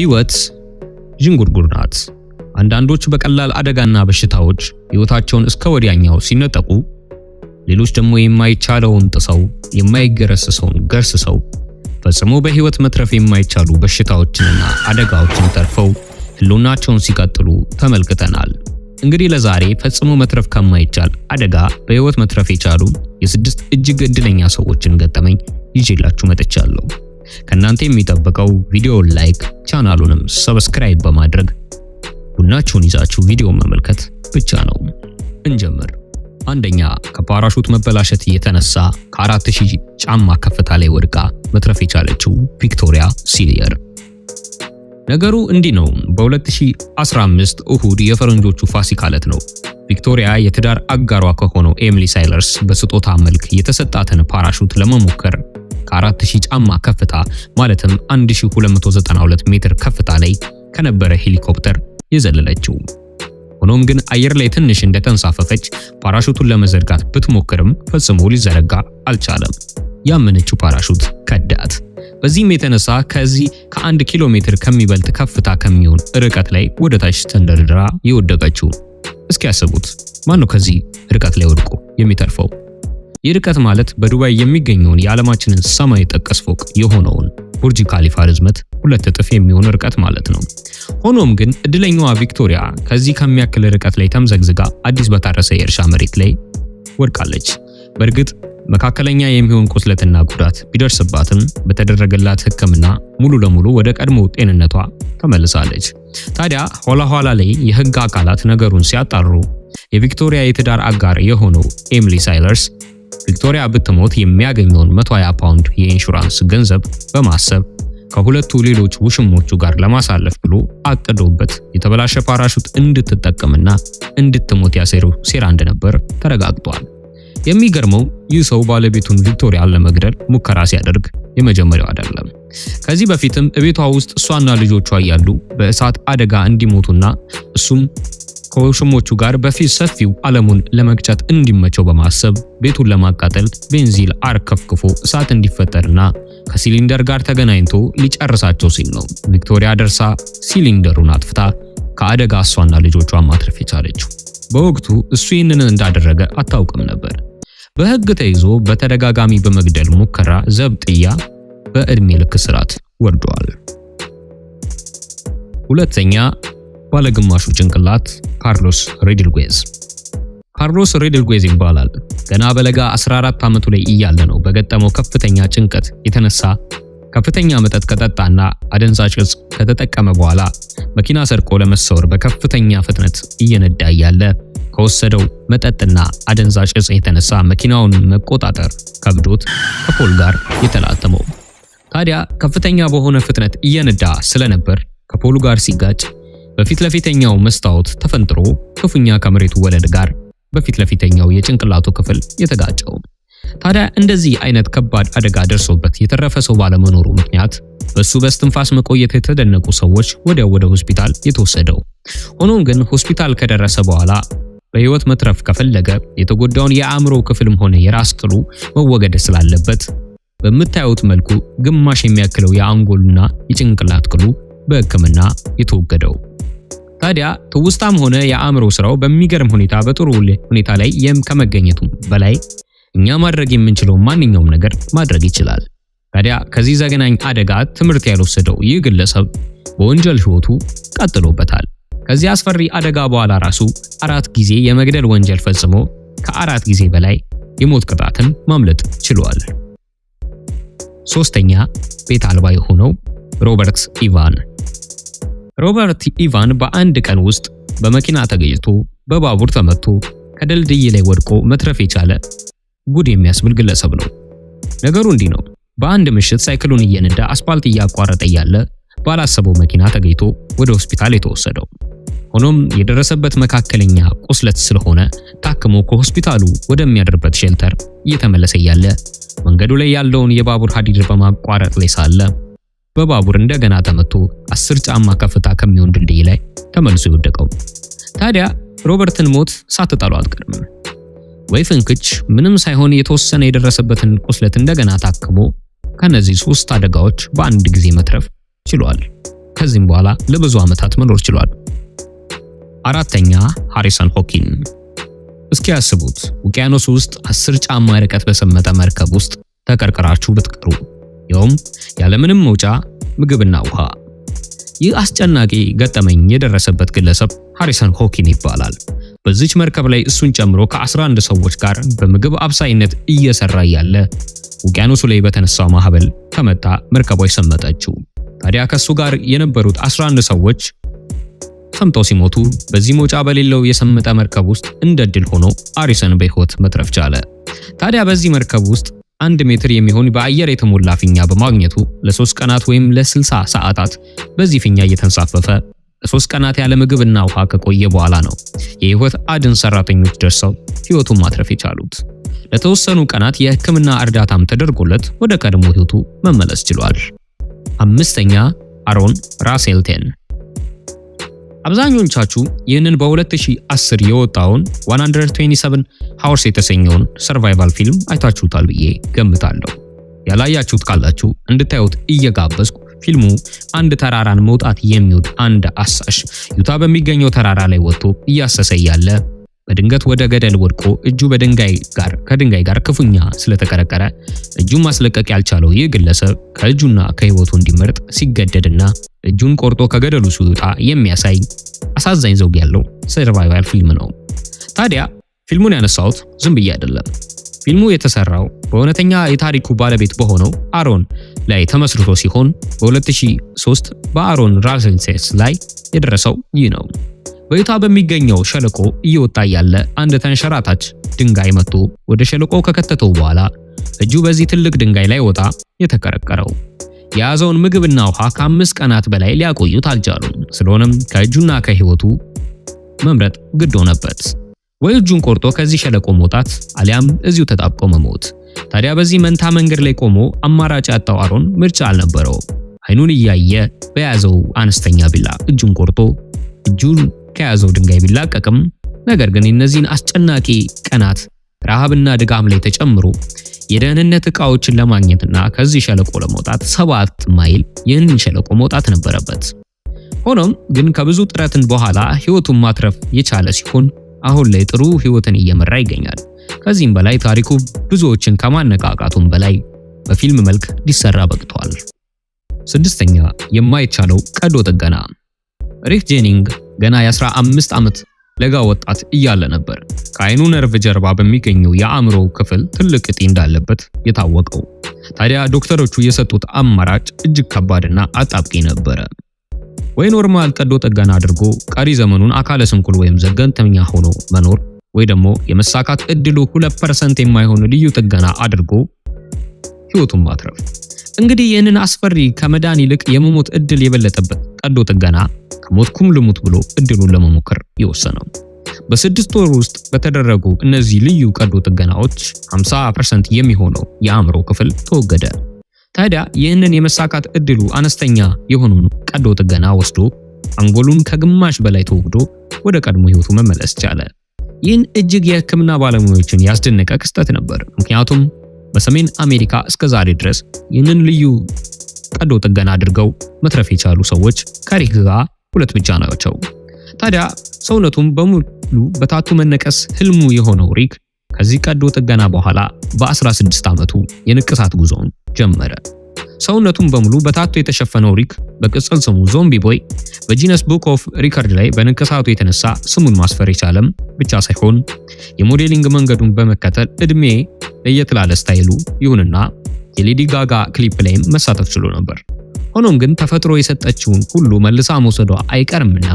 ህይወት ዥንጉርጉር ናት። አንዳንዶች በቀላል አደጋና በሽታዎች ሕይወታቸውን እስከ ወዲያኛው ሲነጠቁ፣ ሌሎች ደግሞ የማይቻለውን ጥሰው የማይገረስሰውን ገርስሰው ፈጽሞ በሕይወት መትረፍ የማይቻሉ በሽታዎችንና አደጋዎችን ተርፈው ህልውናቸውን ሲቀጥሉ ተመልክተናል። እንግዲህ ለዛሬ ፈጽሞ መትረፍ ከማይቻል አደጋ በሕይወት መትረፍ የቻሉ የስድስት እጅግ እድለኛ ሰዎችን ገጠመኝ ይዤላችሁ መጥቻለሁ። ከእናንተ የሚጠበቀው ቪዲዮ ላይክ፣ ቻናሉንም ሰብስክራይብ በማድረግ ቡናችሁን ይዛችሁ ቪዲዮ መመልከት ብቻ ነው። እንጀምር። አንደኛ ከፓራሹት መበላሸት የተነሳ ከ4000 ጫማ ከፍታ ላይ ወድቃ መትረፍ የቻለችው ቪክቶሪያ ሲሊየር ነገሩ እንዲህ ነው። በ2015 እሁድ የፈረንጆቹ ፋሲካ ዕለት ነው ቪክቶሪያ የትዳር አጋሯ ከሆነው ኤሚሊ ሳይለርስ በስጦታ መልክ የተሰጣትን ፓራሹት ለመሞከር ከ4000 ጫማ ከፍታ ማለትም 1292 ሜትር ከፍታ ላይ ከነበረ ሄሊኮፕተር የዘለለችው። ሆኖም ግን አየር ላይ ትንሽ እንደተንሳፈፈች ፓራሹቱን ለመዘርጋት ብትሞክርም ፈጽሞ ሊዘረጋ አልቻለም። ያመነችው ፓራሹት ከዳት። በዚህም የተነሳ ከዚህ ከአንድ ኪሎ ሜትር ከሚበልጥ ከፍታ ከሚሆን ርቀት ላይ ወደ ታች ተንደርድራ የወደቀችው። እስኪ ያስቡት፣ ማን ነው ከዚህ ርቀት ላይ ወድቆ የሚተርፈው? ይህ ርቀት ማለት በዱባይ የሚገኘውን የዓለማችንን ሰማይ ጠቀስ ፎቅ የሆነውን ቡርጅ ካሊፋ ርዝመት ሁለት እጥፍ የሚሆን ርቀት ማለት ነው። ሆኖም ግን እድለኛዋ ቪክቶሪያ ከዚህ ከሚያክል ርቀት ላይ ተምዘግዝጋ አዲስ በታረሰ የእርሻ መሬት ላይ ወድቃለች። በእርግጥ መካከለኛ የሚሆን ቁስለትና ጉዳት ቢደርስባትም በተደረገላት ሕክምና ሙሉ ለሙሉ ወደ ቀድሞ ጤንነቷ ተመልሳለች። ታዲያ ኋላ ኋላ ላይ የህግ አካላት ነገሩን ሲያጣሩ የቪክቶሪያ የትዳር አጋር የሆነው ኤሚሊ ሳይለርስ ቪክቶሪያ ብትሞት የሚያገኘውን 120 ፓውንድ የኢንሹራንስ ገንዘብ በማሰብ ከሁለቱ ሌሎች ውሽሞቹ ጋር ለማሳለፍ ብሎ አቅዶበት የተበላሸ ፓራሹት እንድትጠቀምና እንድትሞት ያሴረው ሴራ እንደነበር ተረጋግጧል። የሚገርመው ይህ ሰው ባለቤቱን ቪክቶሪያን ለመግደል ሙከራ ሲያደርግ የመጀመሪያው አይደለም። ከዚህ በፊትም እቤቷ ውስጥ እሷና ልጆቿ እያሉ በእሳት አደጋ እንዲሞቱና እሱም ከውሽሞቹ ጋር በፊት ሰፊው ዓለሙን ለመግጨት እንዲመቸው በማሰብ ቤቱን ለማቃጠል ቤንዚል አርከፍክፎ እሳት እንዲፈጠርና ከሲሊንደር ጋር ተገናኝቶ ሊጨርሳቸው ሲል ነው ቪክቶሪያ ደርሳ ሲሊንደሩን አጥፍታ ከአደጋ እሷና ልጆቿ ማትረፍ የቻለችው። በወቅቱ እሱ ይህንን እንዳደረገ አታውቅም ነበር። በህግ ተይዞ በተደጋጋሚ በመግደል ሙከራ ዘብጥያ በዕድሜ ልክ እስራት ወርደዋል። ሁለተኛ ባለግማሹ ጭንቅላት ካርሎስ ሬድልጉዝ ካርሎስ ሬድልጉዝ ይባላል። ገና በለጋ 14 ዓመቱ ላይ እያለ ነው በገጠመው ከፍተኛ ጭንቀት የተነሳ ከፍተኛ መጠጥ ከጠጣና አደንዛዥ ዕፅ ከተጠቀመ በኋላ መኪና ሰርቆ ለመሰወር በከፍተኛ ፍጥነት እየነዳ እያለ ከወሰደው መጠጥና አደንዛዥ ዕፅ የተነሳ መኪናውን መቆጣጠር ከብዶት ከፖል ጋር የተላተመው። ታዲያ ከፍተኛ በሆነ ፍጥነት እየነዳ ስለነበር ከፖሉ ጋር ሲጋጭ በፊት ለፊተኛው መስታወት ተፈንጥሮ ክፉኛ ከመሬቱ ወለል ጋር በፊት ለፊተኛው የጭንቅላቱ ክፍል የተጋጨው። ታዲያ እንደዚህ አይነት ከባድ አደጋ ደርሶበት የተረፈ ሰው ባለመኖሩ ምክንያት በሱ በስትንፋስ መቆየት የተደነቁ ሰዎች ወዲያው ወደ ሆስፒታል የተወሰደው። ሆኖም ግን ሆስፒታል ከደረሰ በኋላ በህይወት መትረፍ ከፈለገ የተጎዳውን የአእምሮ ክፍልም ሆነ የራስ ቅሉ መወገድ ስላለበት በምታዩት መልኩ ግማሽ የሚያክለው የአንጎልና የጭንቅላት ቅሉ በህክምና የተወገደው ታዲያ ትውስታም ሆነ የአእምሮ ስራው በሚገርም ሁኔታ በጥሩ ሁኔታ ላይ የም ከመገኘቱ በላይ እኛ ማድረግ የምንችለው ማንኛውም ነገር ማድረግ ይችላል። ታዲያ ከዚህ ዘግናኝ አደጋ ትምህርት ያልወሰደው ይህ ግለሰብ በወንጀል ሕይወቱ ቀጥሎበታል። ከዚህ አስፈሪ አደጋ በኋላ ራሱ አራት ጊዜ የመግደል ወንጀል ፈጽሞ ከአራት ጊዜ በላይ የሞት ቅጣትን ማምለጥ ችሏል። ሶስተኛ ቤት አልባ የሆነው ሮበርትስ ኢቫን ሮበርት ኢቫን በአንድ ቀን ውስጥ በመኪና ተገጭቶ በባቡር ተመቶ ከድልድይ ላይ ወድቆ መትረፍ የቻለ ጉድ የሚያስብል ግለሰብ ነው። ነገሩ እንዲህ ነው። በአንድ ምሽት ሳይክሉን እየነዳ አስፓልት እያቋረጠ እያለ ባላሰበው መኪና ተገኝቶ ወደ ሆስፒታል የተወሰደው። ሆኖም የደረሰበት መካከለኛ ቁስለት ስለሆነ ታክሞ ከሆስፒታሉ ወደሚያድርበት ሼልተር እየተመለሰ ያለ መንገዱ ላይ ያለውን የባቡር ሀዲድ በማቋረጥ ላይ ሳለ በባቡር እንደገና ተመቶ አስር ጫማ ከፍታ ከሚሆን ድልድይ ላይ ተመልሶ የወደቀው። ታዲያ ሮበርትን ሞት ሳትጠሉ አትቀርም። ወይ ፍንክች ምንም ሳይሆን የተወሰነ የደረሰበትን ቁስለት እንደገና ታክሞ ከነዚህ ሶስት አደጋዎች በአንድ ጊዜ መትረፍ ችሏል። ከዚህም በኋላ ለብዙ ዓመታት መኖር ችሏል። አራተኛ ሃሪሰን ሆኪን። እስኪ ያስቡት ውቅያኖስ ውስጥ አስር ጫማ ርቀት በሰመጠ መርከብ ውስጥ ተቀርቅራችሁ ብትቀሩ ይኸውም ያለምንም መውጫ ምግብና ውሃ። ይህ አስጨናቂ ገጠመኝ የደረሰበት ግለሰብ ሃሪሰን ሆኪን ይባላል። በዚች መርከብ ላይ እሱን ጨምሮ ከ11 ሰዎች ጋር በምግብ አብሳይነት እየሰራ እያለ ውቅያኖሱ ላይ በተነሳው ማዕበል ከመጣ መርከቧ ሰመጠችው። ታዲያ ከሱ ጋር የነበሩት 11 ሰዎች ሰምጠው ሲሞቱ በዚህ መውጫ በሌለው የሰመጠ መርከብ ውስጥ እንደ ድል ሆኖ አሪሰን በህይወት መትረፍ ቻለ። ታዲያ በዚህ መርከብ ውስጥ አንድ ሜትር የሚሆን በአየር የተሞላ ፊኛ በማግኘቱ ለሶስት ቀናት ወይም ለ60 ሰዓታት በዚህ ፊኛ እየተንሳፈፈ ለሶስት ቀናት ያለ ምግብና ውሃ ከቆየ በኋላ ነው የህይወት አድን ሰራተኞች ደርሰው ህይወቱን ማትረፍ የቻሉት። ለተወሰኑ ቀናት የህክምና እርዳታም ተደርጎለት ወደ ቀድሞ ህይወቱ መመለስ ችሏል። አምስተኛ አሮን ራሴልቴን አብዛኞቻችሁ ይህንን በ2010 የወጣውን 127 ሀወርስ የተሰኘውን ሰርቫይቫል ፊልም አይታችሁታል ብዬ ገምታለሁ። ያላያችሁት ካላችሁ እንድታዩት እየጋበዝኩ ፊልሙ አንድ ተራራን መውጣት የሚወድ አንድ አሳሽ ዩታ በሚገኘው ተራራ ላይ ወጥቶ እያሰሰ እያለ በድንገት ወደ ገደል ወድቆ እጁ በድንጋይ ጋር ከድንጋይ ጋር ክፉኛ ስለተቀረቀረ እጁን ማስለቀቅ ያልቻለው ይህ ግለሰብ ከእጁና ከህይወቱ እንዲመርጥ ሲገደድና እጁን ቆርጦ ከገደሉ ሲወጣ የሚያሳይ አሳዛኝ ዘውግ ያለው ሰርቫይቫል ፊልም ነው። ታዲያ ፊልሙን ያነሳሁት ዝም ብዬ አይደለም። ፊልሙ የተሰራው በእውነተኛ የታሪኩ ባለቤት በሆነው አሮን ላይ ተመስርቶ ሲሆን በ2003 በአሮን ራስልሴስ ላይ የደረሰው ይህ ነው። በዩታ በሚገኘው ሸለቆ እየወጣ ያለ አንድ ተንሸራታች ድንጋይ መጥቶ ወደ ሸለቆ ከከተተው በኋላ እጁ በዚህ ትልቅ ድንጋይ ላይ ወጣ የተከረከረው የያዘውን ምግብና ውሃ ከአምስት ቀናት በላይ ሊያቆዩት አልቻሉም። ስለሆነም ከእጁና ከህይወቱ መምረጥ ግድ ሆነበት። ወይ እጁን ቆርጦ ከዚህ ሸለቆ መውጣት አሊያም እዚሁ ተጣብቆ መሞት። ታዲያ በዚህ መንታ መንገድ ላይ ቆሞ አማራጭ ያጣው አሮን ምርጫ አልነበረውም። አይኑን እያየ በያዘው አነስተኛ ቢላ እጁን ቆርጦ እጁን ከያዘው ድንጋይ ቢላቀቅም ነገር ግን እነዚህን አስጨናቂ ቀናት ረሃብና ድጋም ላይ ተጨምሮ የደህንነት እቃዎችን ለማግኘትና ከዚህ ሸለቆ ለመውጣት ሰባት ማይል ይህንን ሸለቆ መውጣት ነበረበት። ሆኖም ግን ከብዙ ጥረትን በኋላ ህይወቱን ማትረፍ የቻለ ሲሆን አሁን ላይ ጥሩ ህይወትን እየመራ ይገኛል። ከዚህም በላይ ታሪኩ ብዙዎችን ከማነቃቃቱም በላይ በፊልም መልክ ሊሰራ በቅቷል። ስድስተኛ የማይቻለው ቀዶ ጥገና ሪክ ጄኒንግ ገና የ15 ዓመት ለጋ ወጣት እያለ ነበር ከአይኑ ነርቭ ጀርባ በሚገኘው የአእምሮ ክፍል ትልቅ እጢ እንዳለበት የታወቀው። ታዲያ ዶክተሮቹ የሰጡት አማራጭ እጅግ ከባድና አጣብቂ ነበረ። ወይ ኖርማል ቀዶ ጥገና አድርጎ ቀሪ ዘመኑን አካለ ስንኩል ወይም ዘገንተኛ ሆኖ መኖር፣ ወይ ደግሞ የመሳካት እድሉ 2% የማይሆን ልዩ ጥገና አድርጎ ህይወቱን ማትረፍ። እንግዲህ ይህንን አስፈሪ ከመዳን ይልቅ የመሞት እድል የበለጠበት ቀዶ ጥገና ከሞትኩም ልሙት ብሎ እድሉን ለመሞከር የወሰነው። በስድስት ወር ውስጥ በተደረጉ እነዚህ ልዩ ቀዶ ጥገናዎች 50% የሚሆነው የአእምሮ ክፍል ተወገደ። ታዲያ ይህንን የመሳካት እድሉ አነስተኛ የሆነውን ቀዶ ጥገና ወስዶ አንጎሉን ከግማሽ በላይ ተወግዶ ወደ ቀድሞ ህይወቱ መመለስ ቻለ። ይህን እጅግ የህክምና ባለሙያዎችን ያስደነቀ ክስተት ነበር። ምክንያቱም በሰሜን አሜሪካ እስከ ዛሬ ድረስ ይህንን ልዩ ቀዶ ጥገና አድርገው መትረፍ የቻሉ ሰዎች ከሪክ ጋር ሁለት ብቻ ናቸው። ታዲያ ሰውነቱም በሙሉ በታቱ መነቀስ ህልሙ የሆነው ሪክ ከዚህ ቀዶ ጥገና በኋላ በ16 ዓመቱ የንቅሳት ጉዞውን ጀመረ። ሰውነቱን በሙሉ በታቶ የተሸፈነው ሪክ በቅጽል ስሙ ዞምቢ ቦይ በጂነስ ቡክ ኦፍ ሪከርድ ላይ በንቅሳቱ የተነሳ ስሙን ማስፈር የቻለም ብቻ ሳይሆን የሞዴሊንግ መንገዱን በመከተል እድሜ ለየት ላለ ስታይሉ ይሁንና የሌዲ ጋጋ ክሊፕ ላይም መሳተፍ ችሎ ነበር። ሆኖም ግን ተፈጥሮ የሰጠችውን ሁሉ መልሳ መውሰዷ አይቀርምና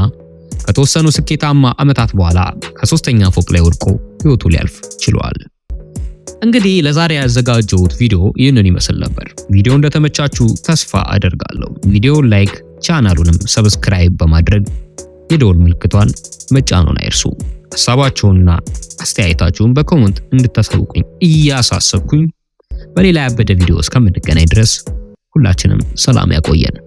ከተወሰኑ ስኬታማ ዓመታት በኋላ ከሶስተኛ ፎቅ ላይ ወድቆ ህይወቱ ሊያልፍ ችሏል። እንግዲህ ለዛሬ ያዘጋጀሁት ቪዲዮ ይህንን ይመስል ነበር። ቪዲዮ እንደተመቻችሁ ተስፋ አደርጋለሁ። ቪዲዮ ላይክ፣ ቻናሉንም ሰብስክራይብ በማድረግ የደወል ምልክቷን መጫኑን አይርሱ። ሀሳባችሁንና አስተያየታችሁን በኮመንት እንድታሳውቁኝ እያሳሰብኩኝ በሌላ ያበደ ቪዲዮ እስከምንገናኝ ድረስ ሁላችንም ሰላም ያቆየን።